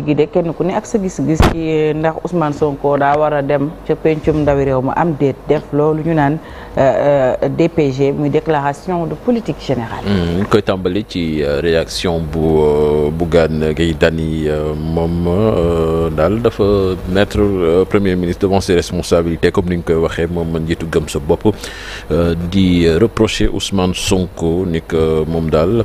gi de kenn ku ne ak sa gis-gis ci eh, ndax Ousmane Sonko daa war a dem ca pencum ndawi réew ma am déet def loolu ñu naan eh, eh, DPG muy déclaration de politique générale. Hmm, ñu koy tàmbali ci réaction bu euh, Bougane Gueye Dany euh, moom euh, daal dafa mettre premier ministre devant ses responsabilités comme ni ñu koy waxee moom njiitu gëm sa bopp di reprocher Ousmane Sonko ni moom daal.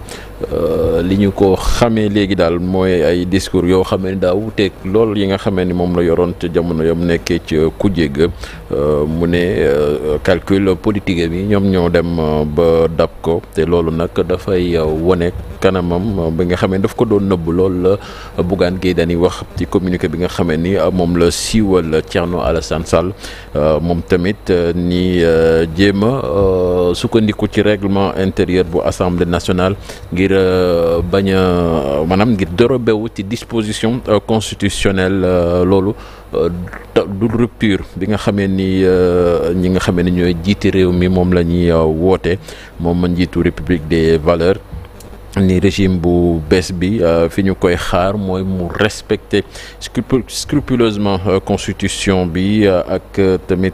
Euh, li ñu ko xamee léegi daal mooy ay discours yoo xam ne daa wuuteeg lool yi nga xamee ni moom la yoroon ca jamono yam nekkee ca kujje ga Euh, mu ne euh, calcul politique bi ñoom ñoo dem euh, ba dab ko te loolu nag dafay wone kanamam ba nga xamee daf ko doon nëbb loolu la Bougane Gueye dañuy wax ci communiqué bi nga xamee ni moom la siiwal Thierno Alassane Sall moom tamit ni jéem a sukkandiku ci règlement intérieur bu assemblée nationale ngir bañ a maanaam ngir dorobewu ci disposition constitutionnelle loolu Euh, dul rupture bi nga xamee ni euh, ñi nga xamee ni ñooy jiite réew mi moom la ñuy euh, woote moom ma njiitu république des valeurs ni régime bu bees bi euh, fi ñu koy xaar mooy mu respecter scrupuleusement euh, constitution bi euh, ak tamit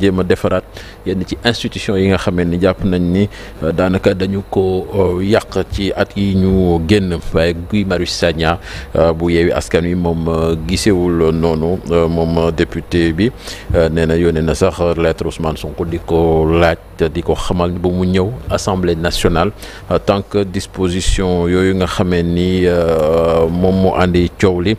jéem a defaraat yenn ci institution yi nga xamee ni jàpp nañ ni daanaka dañu ko yàq ci at yi ñu génn waaye Guy Marius Sagna bu yeewi askan wi moom gisewul noonu moom député bi nee na yónnee na sax lettre Ousmane Sonko di ko laaj di ko xamal ba mu ñëw assemblée nationale tant que disposition disposition yooyu nga xamee ni euh, moom moo andi coow li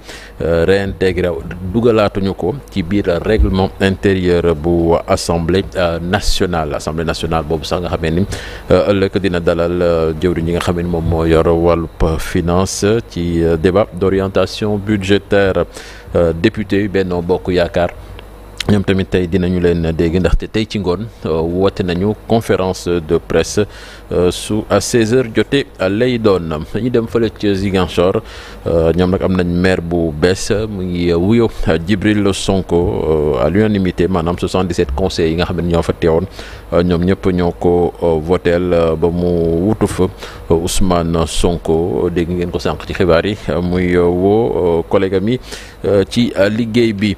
euh, réintégré dugalaatuñu ko ci biir règlement intérieur bu assemblée euh, nationale assemblée nationale boobu sax nga xamee ni ëllëg dina dalal jëwriñ yi nga xamee ni moom moo yor wallu finance ci débat d'orientation budgétaire député Benno Bokk Yaakaar ñoom tamit tey dinañu leen dégg ndaxte tey ci ngoon euh, woote nañu conférence de presse euh, su à 16h jotee lay doon dañu dem fale ci Ziguinchor euh, ñoom nag am nañ maire bu bees mu ngi wuyo Djibril Sonko à l'unanimité maanaam 77 conseils yi nga xam ne ñoo fa teewoon ñoom ñëpp ñoo ko voteel ba mu wutu fa Ousmane Sonko dégg ngeen ko sànq ci xibaar yi muy woo collègue mi yi ci liggéey bi.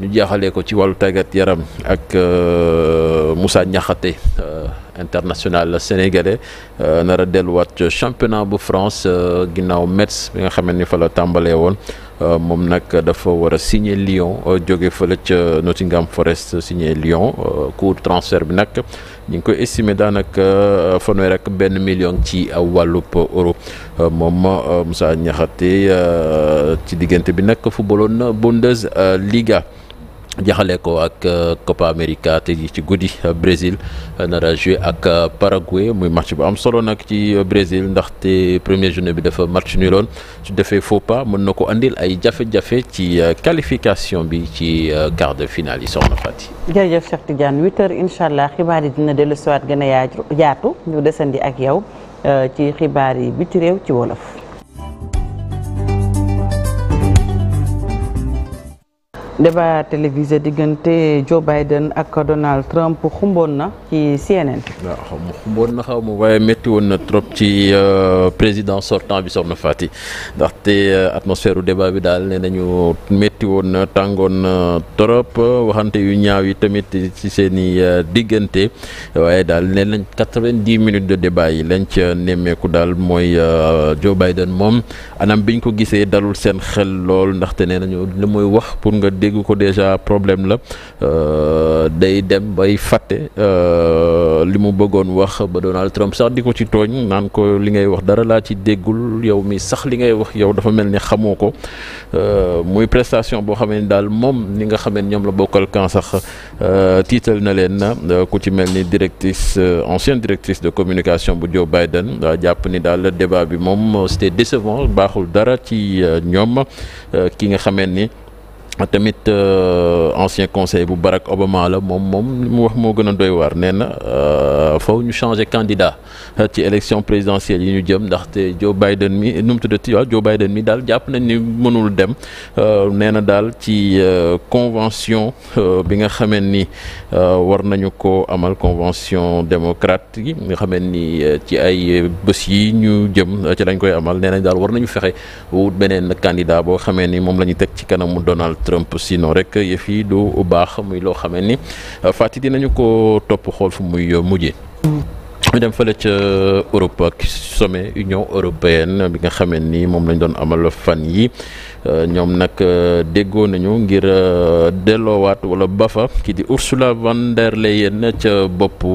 ñu jeexalee ko ci wàllu tàggat yaram ak euh, Moussa Niakhaté euh, international sénégalais euh, nar a delluwaat championnat bu France ginnaaw Metz bi nga xamante ni fa la tàmbalee woon. Euh, moom nag dafa war a signer Lyon euh, jóge fële ca Nottingham Forest signer Lyon euh, coût transfert bi nag ñu ngi koy estimer daanaka fanweer ak benn million ci wàllu euro moom Moussa Niakhaté ci diggante bi nag footballoon Bundesliga. jaxale ko ak euh, Copa America te ci guddi euh, Brésil euh, nar a ak Paraguay muy match bu am solo nag ci Brésil ndaxte première journée bi dafa match nul woon su defee faux pas mën na ko indil ay jafe-jafe ci qualification bi ci quart de finale yi soxna Fati. jërëjëf Cheikh Tidiane 8h incha xibaar yi dina dellu si waat gën a yaatu ñu desandi ak yow ci xibaar yi biti réew ci wolof. débat télévisé diggante Joe Biden ak Donald Trump xumboon na ci CNN. waaw xaw ma xumboon na xaw ma waaye métti woon na trop ci euh, président sortant bi soxna Fati ndaxte euh, atmosphère u débat bi daal nee nañu métti woon na tàngoon na trop waxante yu ñaaw yi tamit ci seen i euh, diggante waaye daal nee nañ quatre-vingt-dix minutes de débat yi lañ ca nemmeeku daal mooy Joe Biden moom anam biñ ko gisee dalul seen xel lool ndaxte nee nañu li muy wax pour nga dégg dégg ko déjà problème la euh, day dem bay fàtte euh, li mu bëggoon wax ba Donald Trump sax di ko ci tooñ naan ko li ngay wax dara laa ci déggul yow mi sax li ngay wax yow dafa mel ni xamoo ko euh, muy prestation boo xamee ni daal moom ni nga xamee ñoom la bokkal kan sax tiital na leen ku ci mel ni directrice ancienne directrice de communication bu Joe Biden jàpp ni daal débat bi moom c'était décevant baaxul dara ci ñoom ki nga xamee ni Ah, tamit euh, ancien conseil bu Barack Obama la moom moom mu wax moo gën a doy waar nee na euh, faw ñu changer candidat ah, ci élection présidentielle yi ñu jëm ndaxte Joe Biden mi nu mu tuddati waaw Joe Biden daal jàpp nañ ni mënul dem euh, nee na daal ci convention bi nga xamee ni war nañu ko amal convention démocrate yi nga xamee ni ci ay bés yi ñu jëm ci lañ koy amal nee daal war nañu fexe wut beneen candidat boo xamee ni moom la ñu teg ci kanamu Donald Trump sinon rek yëf yi du baax muy loo xamee ni fàtti dinañu ko topp xool fu muy mujjee. ñu dem fële ca Europe ak sommet Union européenne bi nga xamee ni moom lañ doon amal fan yi ñoom nag déggoo nañu ngir delloowaat wala bafa ki di Ursula von der Leyen ca boppu.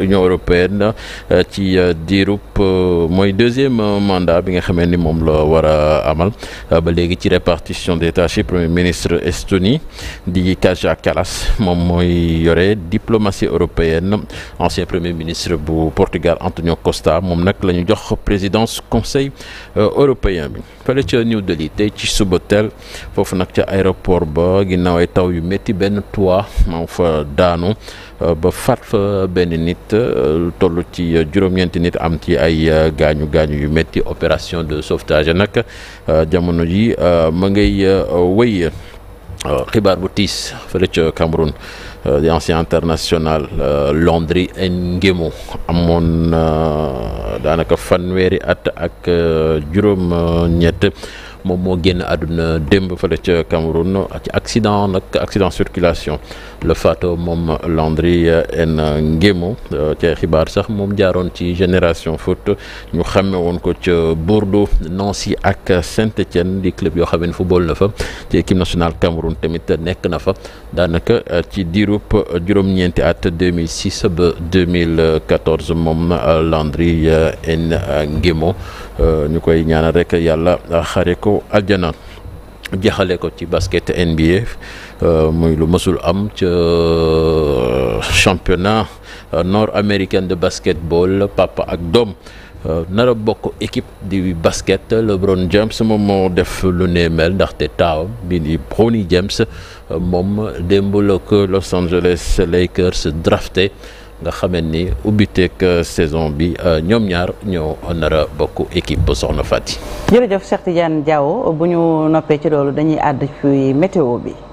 Union européenne euh, ci euh, diirub euh, mooy deuxième mandat bi nga xamee ni moom la war a amal ba léegi ci répartition des tâches yi premier ministre Estonie di Kaja Kallas moom mooy yore diplomatie européenne ancien premier ministre bu Portugal Antonio Costa moom nag la ñu jox présidence conseil européen bi fële ca New Delhi tey ci suba teel foofu nag ca aéroport ba ginnaaw ay taw yu métti benn toit moo fa daanu ba faat fa benn nit enquête lu toll ci euh, juróom-ñeenti nit am ci ay euh, gaañu gaañu yu metti opération de sauvetage nag euh, jamono ji ma ngay wéy xibaar bu tiis fële ca Cameroun di ancien international Landry Nguemo amoon daanaka fanweeri at ak juróom-ñett. moom moo génn àdduna démb fële ca Cameroun ci accident nag accident circulation le fato moom Landry en Nguemo euh, ca xibaar sax moom jaaroon ci génération foot ñu xàmme woon ko ca Bordeaux Nancy ak Saint-Étienne di club yoo xam ne football na fa ci équipe nationale Cameroun tamit nekk na fa daanaka euh, ci diirub euh, juróom-ñeenti at 2006 ba 2014 moom euh, Landry Nguemo ñu koy ñaanal rek yàlla xare ko aljana jexale ko ci basket NBA muy lu mësul am ca championnat nord-américain de basketball papa ak doom. Euh, nara bokk équipe di basket LeBron James moom moo def lu ne mel ndaxte taawam bi di Bronny James euh, moom démb la ko Los Angeles Lakers drafté nga xamee ni ubbiteeg euh, saison bi ñoom ñaar ñoo nar bokk équipe ba soxna Fati. jërëjëf Cheikh Tidiane bu ñu noppee ci loolu dañuy àdd ci météo bi.